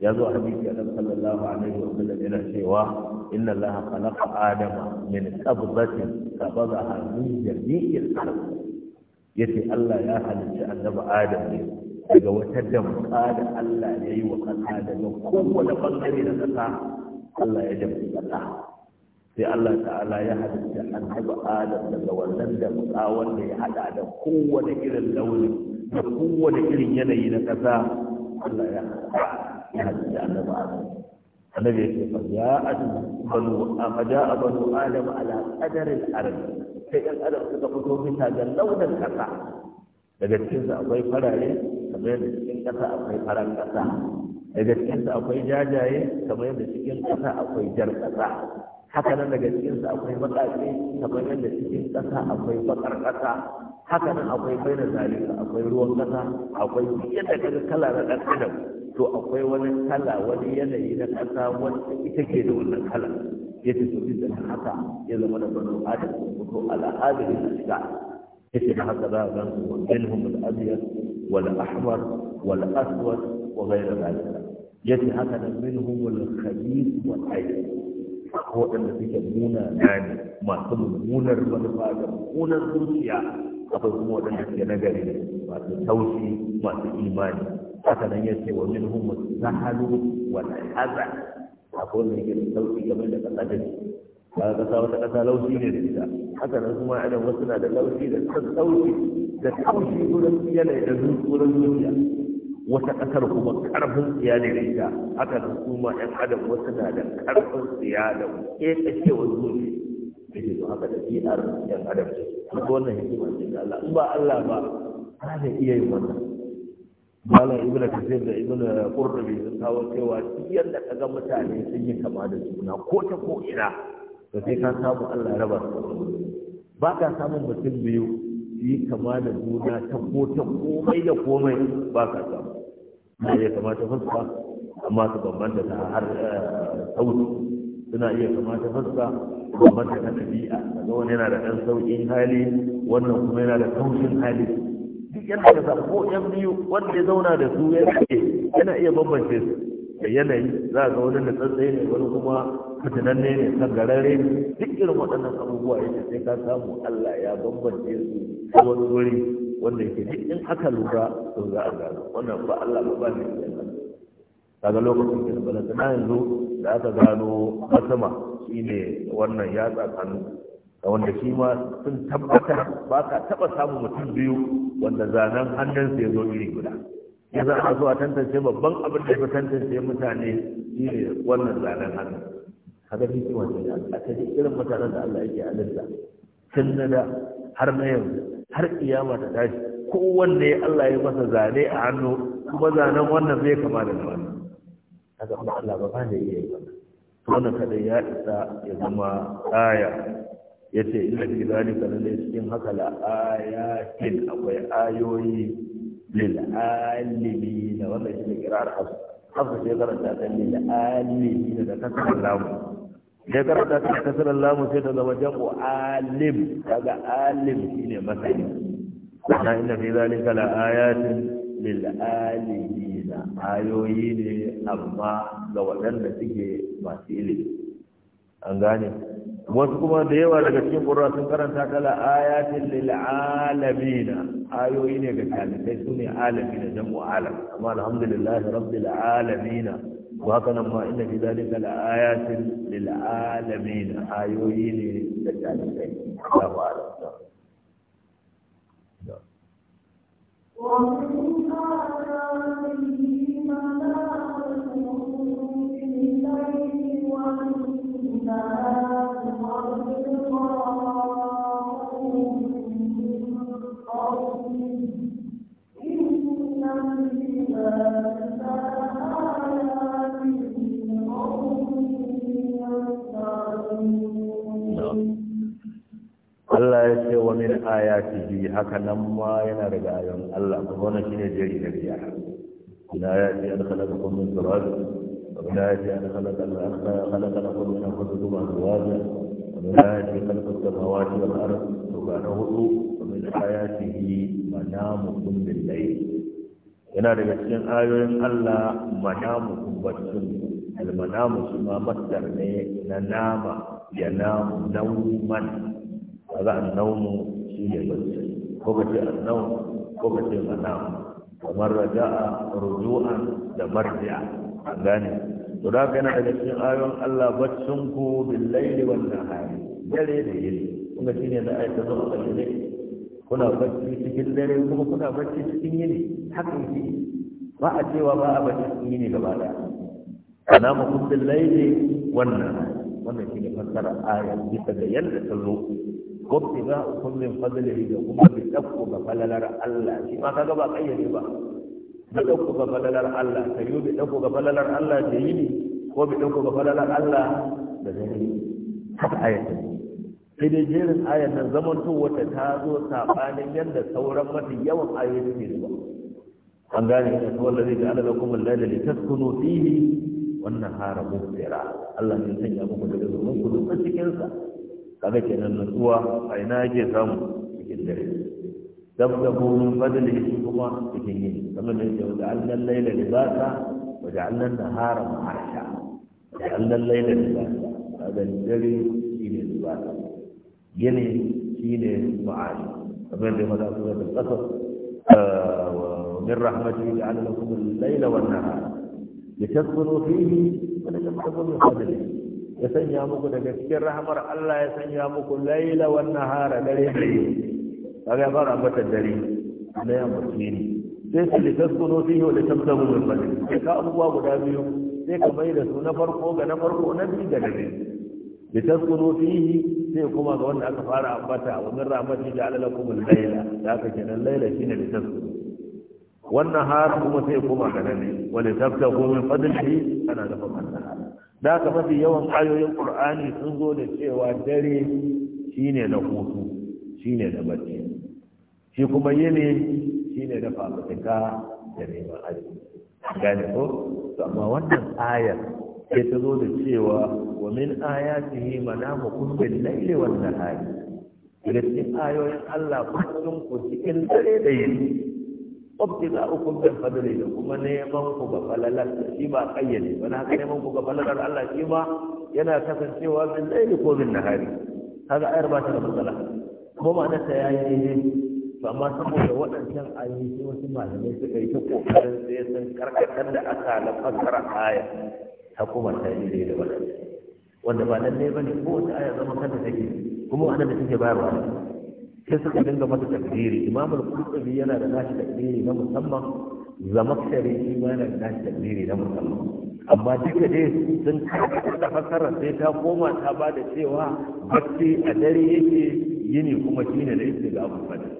ya zo a hadisi a ɗan sallallahu alaihi wa sallam yana cewa inna allaha khalaqa adama min qabdatin qabadaha min jami'il ardi yace Allah ya halicci annabi Adam ne daga wata damƙa da Allah ya yi wa kasa daga kowane bangare na ƙasa. Allah ya dafi kasa sai Allah ta'ala ya halitta annabi Adam daga wannan da wanda ya hada da kowane irin launi da kowane irin yanayi na kasa Allah ya ya halitta annabi Adam annabi ya ce fa ya banu amma banu Adam ala qadaril ardi sai ɗan adam suka fito bisa ga launin kasa daga cikinsa akwai farare kamar yadda cikin ƙasa akwai faran ƙasa daga cikinsu akwai jajaye kamar yadda cikin ƙasa akwai jar ƙasa haka nan daga cikinsu akwai baƙaƙe kamar yadda cikin ƙasa akwai baƙar ƙasa haka nan akwai bai da zalika akwai ruwan ƙasa akwai yadda kaga kala na ɗan adam to akwai wani kala wani yanayi na ƙasa wanda ita ke da wannan kala ya ce su da haka ya zama da banu adam ko al'adari na shiga ya ce haka za a gan su wa minhum al-abyad wal ahmar wal aswad wa da zalika yace haka da minhumul khabith wal ayyib ko wadanda suke muna nani masu mummunar manufa da mummunar zuciya akwai kuma wadanda suke nagari masu taushi masu imani haka nan yace wa minhumul zahalu wal hazan akwai wanda yake da taushi game da kasadin kaga kasa wata kasa laushi ne da ita haka nan kuma idan wasu na da laushi da taushi da taushi wurin yanayi da wurin zuciya wata ƙasar kuma ƙarfin siya ne da ita haka nan kuma ‘yan adam wasu na da ƙarfin siya da ƙeƙashewar zuci da ke haka da biyar ‘yan adam ce ko wannan hikimar ce da Allah in ba Allah ba ba da iya yin wannan malam ibn kasir da ibn qurrabi sun kawo cewa ciyar da kaga mutane sun yi kama da juna ko ta ko ina da sai ka samu Allah ya raba su ba ka samun mutum biyu yi kama da juna ta ko ta komai da komai ba ka samu na iya kama ta fuska amma su bambanta ta har eh, sauti suna iya kama ta su bambanta ta ɗabi'a daga wani yana da ɗan sauƙin hali wannan kuma yana da taushin hali duk yana da ko yan biyu wanda ya zauna da su yana iya bambance su da yanayi za ga wani da tsantsaye ne wani kuma fitinanne ne sangararre duk irin waɗannan abubuwa yake sai ka samu Allah ya bambance su ta wani wuri wanda yake duk in aka lura to za a gano wannan ba Allah ba ba ne daga lokacin da balanta na yanzu da aka gano masama shine wannan ya tsakanu da wanda shi ma sun tabbata ba ka taba samun mutum biyu wanda zanen hannun ya zo iri guda za a so a tantance babban abin da ya tantance mutane shi ne wannan zanen Haka kaga hikima ce a ta irin mutanen da Allah yake alinta tun na da har na yanzu har kiyama ta tashi kowanne Allah ya masa zane a hannu kuma zanen wannan zai kama da wannan haka kuma Allah ba da ne iya yi wannan kadai ya isa ya zama aya ya ce ina fi zalika lalle cikin haka la ayatin akwai ayoyi lil alimi da wannan shi ne kirar hasu hasu ce karanta ta lil alimi da kasar lamu da karanta ta kasar lamu sai ta zama jam'u alim kaga alim shine masani na inna fi zalika la ayatin lil alimina ayoyi ne amma ga waɗanda suke masu ilimi an gane wasu kuma da yawa daga cikin ƙura sun karanta kala ayatin lil alamina ayoyi ne ga talibai su ne alamina jam'u alam amma alhamdulillah rabbil alamina وهكذا ما إن في ذلك الآيات للعالمين آيوين للعالمين الله أعلم Thank you. Allah ya ce wa min ayatihi haka nan ma yana daga ayon Allah wani wannan shine jeri da riya ina ya ce an khalaqa kum min turab wa ina ya ce an khalaqa khalaqa lakum min anfusikum azwaja wa ina ya ce khalaqa samawati wal ard to ga na hudu wa min ayatihi manamukum bil layl yana daga cikin ayoyin Allah manamukum baccin al manamu kuma masdar ne na nama ya namu nauman kaga annawmu shi ne bacci ko ka ce annawm ko ka ce manam kamar raja'a ruju'an da marji'a an gane to da haka yana daga cikin ayon Allah baccin ku bil laili wan nahari dare da yini kuma shine da ayata zo a ne kuna bacci cikin dare kuma kuna bacci cikin yini hakan shi ba a cewa ba a bacci cikin yini gaba da. ana mu kun laili wannan nahari wannan shine fassara ayar bisa da yadda ta zo gobe za a kullum fadlihi da kuma bi dakku ga falalar Allah shi ma kaga ba kayyade ba bi dakku ga falalar Allah kayo bi dakku ga falalar Allah da yini ko bi dakku ga falalar Allah da yi. haka ayatan sai dai jerin ayar nan zaman to wata ta zo sabanin yadda sauran mafi yawan ayoyi ke ba. an gane ita ta wallazi ga alala kuma laila li taskunu fihi wannan hara mubira Allah ne ya muku da zuwa ku duk cikin sa kaga kenan nutsuwa a ina yake samu cikin dare dabdabu min fadlihi kuma cikin yini kamar da yake da allan laila libasa wa ja'alna nahara ma'asha ja'alna laila libasa kaga dare shi libasa yini shine ma'asha kamar da maza su da kasar wa min rahmatihi ja'alna lakum al-laila wan nahara litaskunu fihi wa litaskunu min fadlihi ya sanya muku daga cikin rahamar Allah ya sanya muku laila wan nahara dare ne kaga fara ambata dare na ya mutune sai su litaskunu fihi wa litabtahu min fadli sai ka abubuwa guda biyu sai ka mai su na farko ga na farko na biyu ga dare litaskunu fihi sai kuma ga wanda aka fara ambata wa min rahmati ja'ala lakum al-laila da aka kenan laila shine litaskunu wannan har kuma sai kuma ga dare wa litabtahu min fadli ana da fadlan da ka mafi yawan ayoyin qur'ani sun zo da cewa dare shine na hutu shine da bacci shi kuma yini shine da fafutuka da neman aji gane ko amma wannan ayar ke ta zo da cewa wa min ayatihi kun bil layli wan nahari daga cikin ayoyin Allah kun ku cikin dare da yini wabti za a kun da kuma neman ku ga falalar shi ba kayyade ba na neman ku ga falalar Allah shi ba yana kasancewa min laili ko min nahari kaga ayar ba ta da matsala kuma ma'anar ya yayi ne to amma saboda waɗancan ayoyi sai wasu malamai suka yi ta kokarin sai sun karkatar da asalin fassara aya ta kuma ta yi da waɗancan wanda ba lallai bane ko wata aya zama kanta take kuma annabi take bayarwa sai suka dinga masa takdiri imamul qurtubi yana da nashi takdiri na musamman zamakshari shi ma yana da nashi takdiri na musamman amma duka dai sun da fasara sai ta koma ta ba da cewa bacci a dare yake yini kuma shine da yake ga abu fada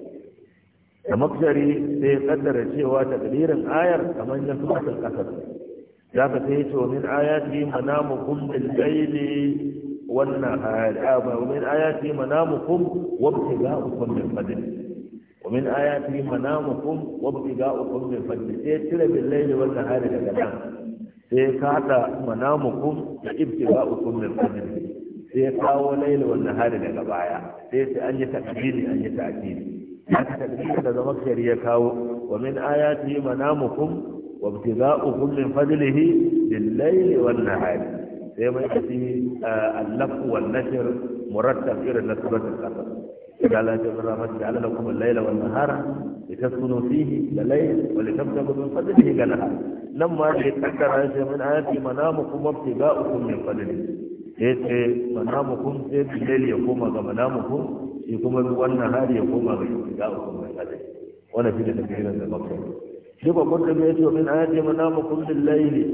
zamakshari sai ya kaddara cewa takdirin ayar kamar ya zuwa kasar zaka sai ya ce wa min ayati manamukum bil layli wannan ayaba min ayati manamukum wa ibtiga'ukum min min ayati manamukum wa ibtiga'ukum min fadli sai tira bil layli wal nahari daga nan sai ka hada manamukum da ibtiga'ukum min fadli sai kawo layli wal nahari daga baya sai sai an yi takdiri an yi ta'dili haka da ya kawo wa min sai mai ci allafu wal nashr murattab irin na suratul qasas قال جبر رحمة جعل لكم الليل والنهار لتسكنوا فيه لليل ولتبتغوا من فضله كنهار لما يتقدر عيسى من آياتي منامكم وابتغاؤكم من فضله yace manamukum sai bilal ya koma ga manamukum shi kuma wannan hari ya koma ga ibtiga'ukum min qadar wannan shi da tafsirin da makkah shi ba kun da yace min ayati manamukum bil layli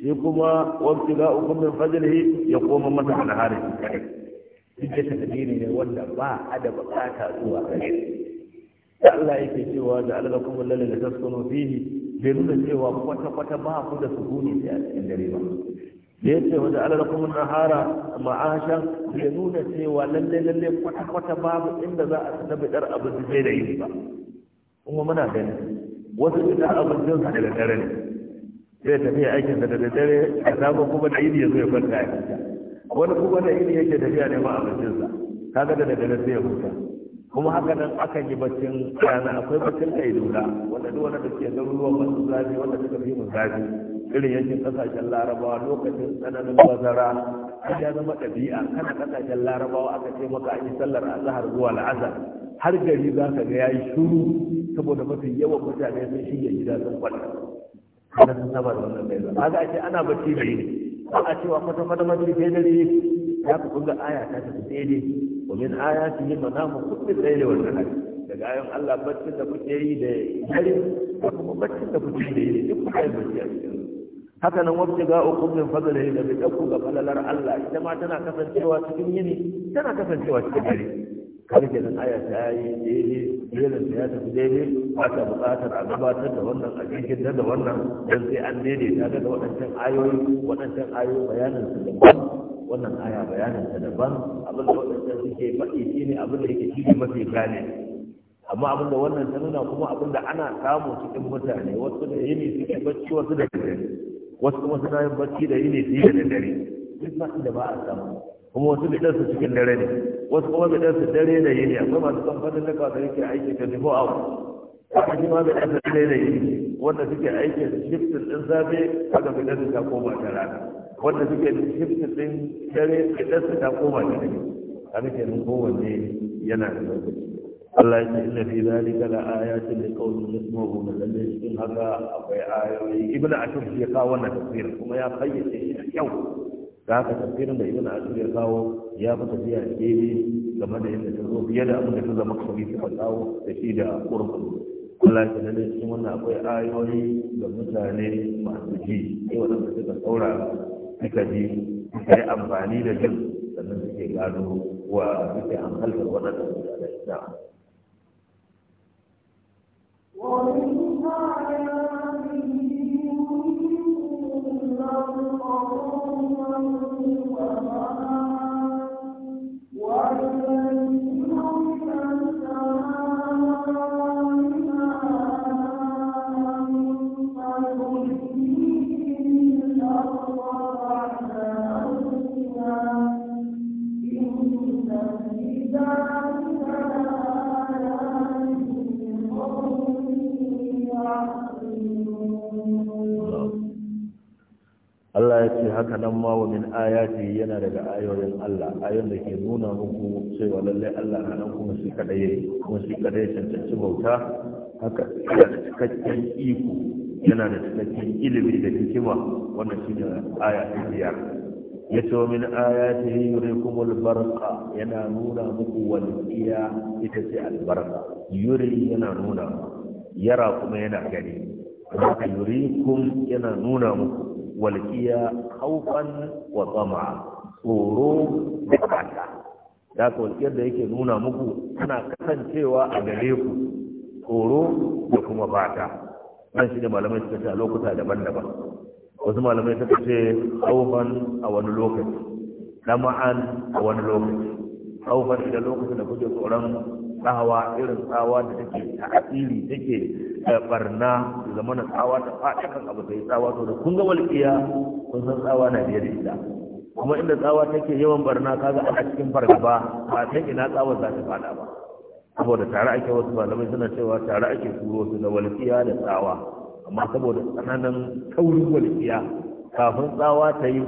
shi kuma wasu ga fajar shi ya koma mata alhari duk da takadiri ne wanda ba a da bukata zuwa gare da Allah yake cewa da Allah kuma lalle da suna fihi bai nuna cewa kwata kwata ba ku da su sai a cikin dare ba da yace wa da Allah kuma nahara ma'ashan bai nuna cewa lalle lalle kwata kwata babu inda za a tsada bidar abin da zai da yi ba kuma muna ganin wasu ina abin jinsu da dare ne zai tafiya aikin sa da daddare a samu kuma da iri ya zo ya kwanta a gida wani kuma da iri yake tafiya neman abincin sa kaga da dare sai ya huta kuma haka nan akan yi baccin kana akwai baccin kai dula wanda duk wanda da garuruwan masu zafi wanda suka fi mu zafi irin yankin kasashen larabawa lokacin tsananin bazara a ya zama ɗabi'a kana kasashen larabawa aka ce maka an yi sallar azhar zuwa al'azhar har gari za ka ga yayi shuru saboda mafi yawan mutane sun shirya gida sun kwalla kada sun saba da wannan bai ba a ce ana bacci da yi. ba a cewa kwata kwata mace da dare ya ku kunga aya ta ta sai dai wa min ayati yi manamu kullum laili wal nahar daga ayon Allah baccin da kuke yi da dare da kuma baccin da kuke yi da yini duk kuka yi bacci a cikin haka nan wabce ga ukun min fadlihi da bi dakku ga falalar Allah ita ma tana kasancewa cikin yini tana kasancewa cikin dare kar nan aya ta yi daidai jerin ya tafi daidai ta buƙatar a gabatar da wannan a cikin da wannan dan sai an daidaita daga waɗancan ayoyi waɗancan ayoyi bayanin su daban wannan aya bayanin ta daban abin da waɗancan suke faɗi ne abin da yake shi mafi gane amma abin da wannan ta nuna kuma abin da ana samu cikin mutane wasu da yini suke bacci wasu da dare wasu kuma suna yin bacci da yini su yi da dare duk ba da ba a samu kuma wasu bidan su cikin dare ne wasu kuma bidan su dare da yini akwai masu kamfanin da kawai yake aiki ta nufo a haka shi ma bidan su dare da yini wanda suke aiki da shiftin din safe haka bidan su ta koma ta rana wanda suke da shiftin din dare bidan su ta koma ta dare haka kenan kowanne yana da lokaci Allah ya inna fi zalika la ayatin li qaumin yasma'un lalle cikin haka akwai ayoyi ibnu ashur ya kawo wannan tafsir kuma ya fayyace shi da kyau da haka tafsirin da ibn asir ya kawo ya fi tafiya gebe game da yadda ta zo fiye da abin da ta zama kawai ta kawo da shi da ƙurƙun Allah ya sanar cikin wannan akwai ayoyi ga mutane masu ji sai da suka saura suka ji suka yi amfani da jin sannan suke gano wa suke hankaltar waɗanda mutane da ومن آياته Thank you. Allah ya ce haka nan ma wa min ayati yana daga ayoyin Allah ayoyin da ke nuna muku cewa lalle Allah na nan kuma shi kadai kuma shi kadai cancanci bauta haka da cikakken iko yana da cikakken ilimi da hikima wannan shi ne aya ta biyar ya ce wa min ayati yurikumul barqa yana nuna muku walqiya ita ce barqa yuri yana nuna yara kuma yana gani yurikum yana nuna muku walƙiya haufan wa tsama tsoro da da ka walƙiyar da yake nuna muku tana kasancewa a gare ku tsoro da kuma bata nan shi ne malamai suka ce a lokuta daban-daban wasu malamai suka ce haufan a wani lokaci lama'an a wani lokaci haufan idan lokacin da kuke tsoron tsawa irin tsawa da take ta'asiri take barna zama na tsawa ta faɗa kan abu sai tsawa to da kun ga walƙiya kun san tsawa na biyar da ita kuma inda tsawa take yawan barna kaga ana cikin fargaba ba ta ina tsawa za ta faɗa ba saboda tare ake wasu malamai suna cewa tare ake turo su da walƙiya da tsawa amma saboda tsananin taurin walƙiya kafin tsawa ta yi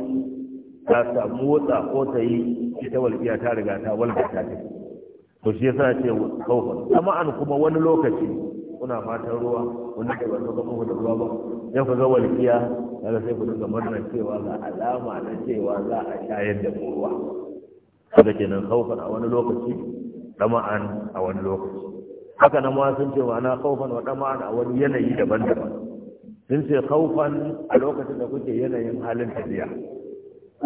ta samu motsa ko ta yi ita walƙiya ta riga ta walƙa ta take to shi yasa ce kaufan an kuma wani lokaci kuna fatan ruwa wani da wato ga da ruwa ba ya ku ga walƙiya kaga sai ku dinga murna cewa ga alama na cewa za a shayar da mu ruwa kaga kenan kawai a wani lokaci an a wani lokaci haka nan ma sun ce ma'ana kawai wa sama'an a wani yanayi daban-daban sun ce kawai a lokacin da kuke yanayin halin tafiya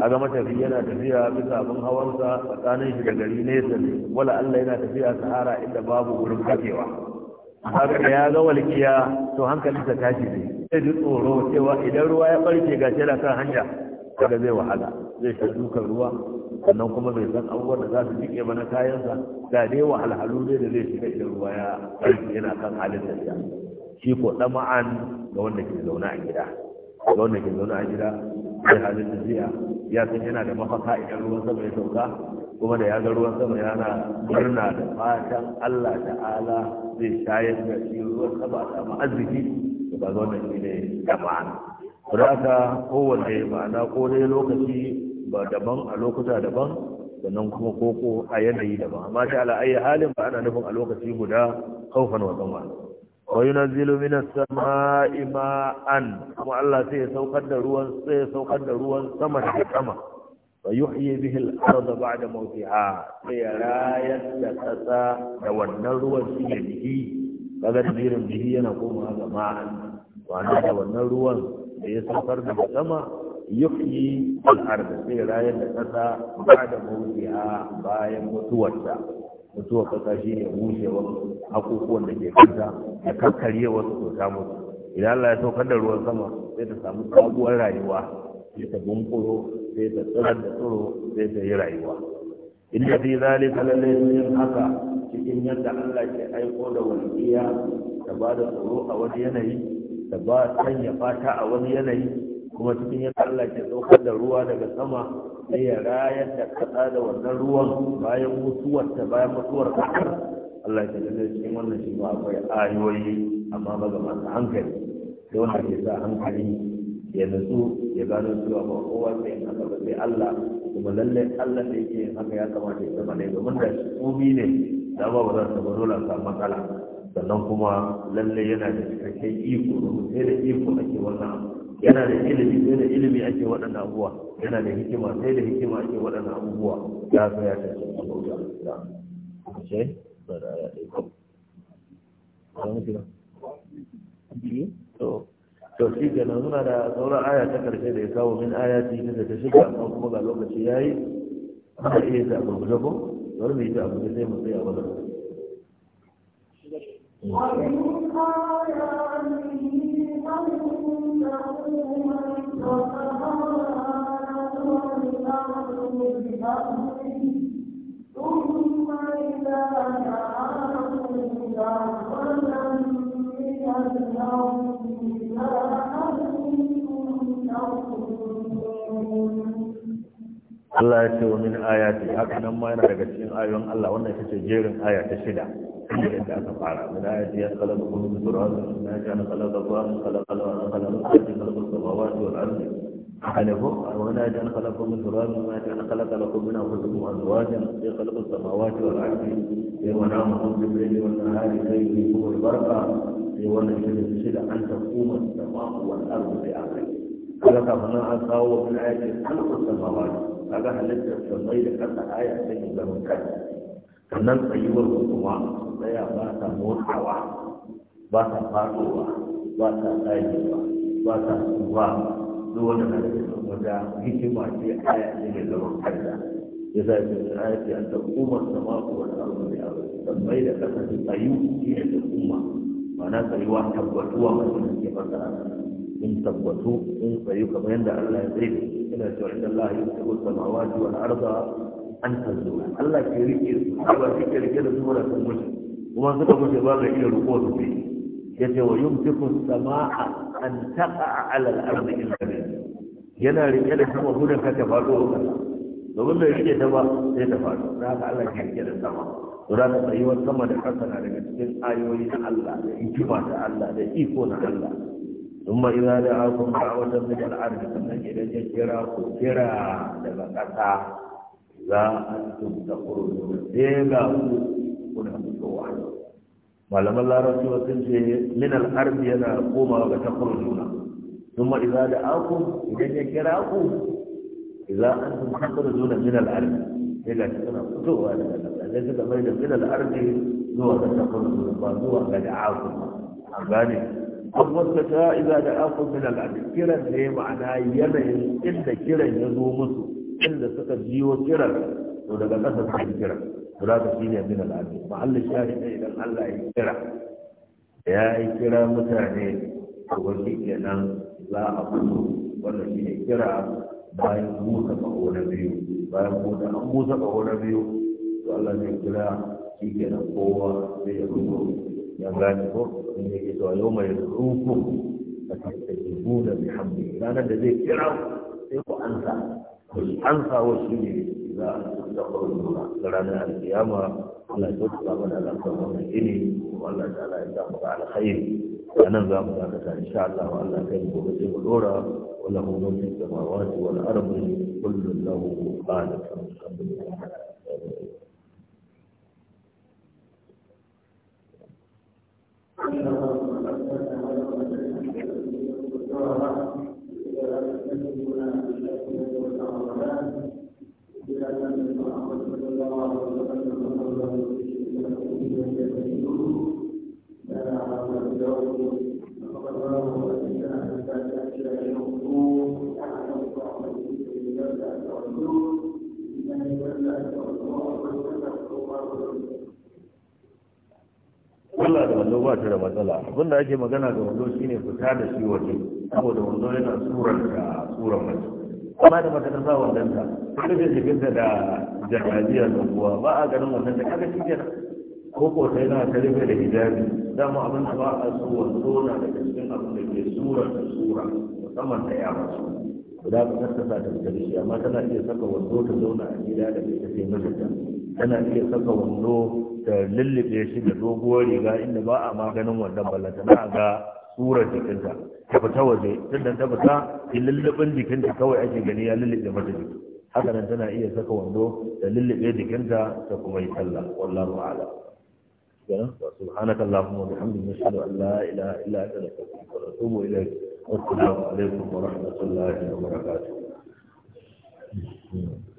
kaga matafi yana tafiya bisa abin hawansa tsakanin shi da gari nesa ne wala Allah yana tafiya sahara inda babu wurin kafewa haka da ya ga walkiya to hankali ta tashi ne sai ji tsoro cewa idan ruwa ya barke ga shi kan hanya kaga zai wahala zai shiga dukan ruwa sannan kuma bai san abubuwan da za su jike na kayansa ga dai wahalhalu ne da zai shiga idan ruwa ya barke yana kan halin tafiya shi ko dama'an ga wanda ke zauna a gida ga wanda ke zaune a gida zai halin tafiya ya san yana da mafaka idan ruwan sama ya sauka kuma da ya ga ruwan sama yana murna da fatan Allah ta'ala zai shayar da shi ruwan sama a samu arziki da ba zuwa shi ne da ma'ana Kuma aka kowane ma'ana ko dai lokaci ba daban a lokuta daban sannan kuma koko a yanayi daban amma ta ala ayi halin ba ana nufin a lokaci guda kaufan wa zama وينزل من السماء ماء kuma Allah sai ya saukar da ruwan sai ya saukar da ruwan sama da sama wa yuhyi bihi al-ardh ba'da mawtiha sai ya rayar da kasa da wannan ruwan shi ne bihi kaga jirin bihi yana komawa ga ma'an wannan da wannan ruwan da ya saukar da sama yuhyi al-ardh sai ya rayar da kasa ba'da mawtiha bayan mutuwarta mutuwa kasa shi ne bushewar hakukuwan da ke kanta da karkaryewar su ta mutu idan Allah ya saukar da ruwan sama sai ta samu sabuwar rayuwa sai ta bunkuro sai ta tsirar da tsiro sai ta yi rayuwa inda fi zalika lalle yin haka cikin yadda Allah ke aiko da walƙiya ta ba da tsoro a wani yanayi ta ba sanya fata a wani yanayi kuma cikin yadda Allah ke saukar da ruwa daga sama sai ya rayar da kasa da wannan ruwan bayan mutuwar ta bayan mutuwar ta Allah ya kalle cikin wannan shi ba akwai ayoyi amma ba ga masu hankali sai wannan ke sa hankali ya nutsu ya gano cewa ba kowa sai in haka ba sai Allah kuma lalle Allah ne yake yin haka ya kamata ya zama ne domin da shi komi ne da ba ba za ta baro la samu matsala sannan kuma lalle yana da cikakken iko domin sai da iko ake wannan yana da ilimi sai da ilimi ake waɗanda abubuwa yana da hikima sai da hikima ake waɗannan abubuwa ya zo ya da ce ba da ya ɗai ba mu to da sauran aya ta karshe da ya kawo min aya ta da ta shiga amma kuma ga lokaci ya yi ana iya ta gurgurda ko bari mu yi ta abu da sai mu tsaya wannan ومن آياته Allah ya ce wa min ayati haka nan ma yana daga cikin ayoyin Allah wannan ita ce jerin aya ta shida yadda aka fara muna ya ce ya kalaba جعل خلقه من تراب وما جعل خلق لكم من انفسكم ازواجا في خلق السماوات والارض في ونامكم بالليل والنهار كي البركه البرق في ونشر الشرع ان تقوم السماء والارض بامره خلق هنا اصاب من ايه خلق السماوات هذا في السماء حتى ايه سيدنا من كذا sannan tsayuwar kuma tsaya ba ta motsawa ba ta faɗowa ba ta tsagewa ba ta tsuwa duk wanda na da cikin wata hikima ce aya ce mai zaman kanta ya sa ce mai aya ce an ta kuma sama ko wani abu mai abu sammai da kasa su tsayu shi ne ta kuma ma'ana tsayuwa tabbatuwa ba da ke fasara in tabbatu in tsayu kamar yadda Allah ya tsaye ina cewa inda Allah ya tsaye samawati wal arda an tanzo Allah ke rike su Allah ke rike da su da sun mutu kuma suka mutu ba ga iya roƙo su ne yace wa yumtiku samaa an taqa'a ala al-ardi illa bi yana rike da kuma gudan ka ta faɗo kasa domin bai rike ta ba sai ta faɗo da haka Allah ke rike da sama to da ka tsayuwar sama da ƙasa na daga cikin ayoyi na Allah da hikima ta Allah da iko na Allah ina da ثم إذا دعاكم sannan idan ya فمن إلى جيرا daga ƙasa. لا أنتم تقولون إلا هو كنا متوحد ما لم الله رسول تنجي من الأرض أنا أقوم وتخرجون ثم إذا دعاكم إذا يكراكم إذا أنتم تخرجون من الأرض إلا كنا متوحد ليس بين من الأرض هو تخرجون فهو دعاكم أغاني أول إذا دعاكم من الأرض كلا ذي معنى يمن إلا كلا يزوم مصر inda suka jiwo kiran to daga ƙasa suka yi kiran to za ka shine min al'adu ya shari ne idan Allah ya kira ya yi kira mutane to wani kenan za a fito wannan shi ne kira bayan Musa, ƙaho na biyu bayan Musa, an Musa ƙaho na biyu to Allah zai kira shi kenan kowa zai ya fito ya gani ko in ke to yau mai ruku a cikin da bihamdi ranar da zai kira sai ku ansa كل حنفة وشيء إذا يقول الله لنا القيامة ولا تدخل ولا لا تدخل إني ولا تعالى إذا أمر على خير أنا بأمر على إن شاء الله وألا كيف بسيب الأورى وله من السماوات والأرض كل له خالق Thank you. sallah da wando ba shi da matsala abin da ake magana da wando shine fita da shi waje saboda wando yana surar da surar mace amma da mata ta sa wandon ta rufin jikinta da jarrajiya da kuwa ba a ganin wannan ta kaga shi kenan ko ko sai na ta rufe da hijabi dama abin da ba a so wando na da cikin abin da ke surar da sura musamman da ya masu guda ka kasa ta fita da shi amma tana iya saka wando ta zauna a gida da bai tafi mijinta tana iya saka wando da lullube shi da doguwar riga inda ba a maganin wannan ballanta na ga tsurar jikinta ta fita waje tunda ta fita lullubin jikinta kawai ake gani ya lullube mata jiki haka nan tana iya saka wando da lullube jikinta ta kuma yi sallah wallahu a'lam سبحانك اللهم وبحمدك نشهد ان لا اله الا انت نستغفرك ونتوب wa والسلام عليكم ورحمه الله وبركاته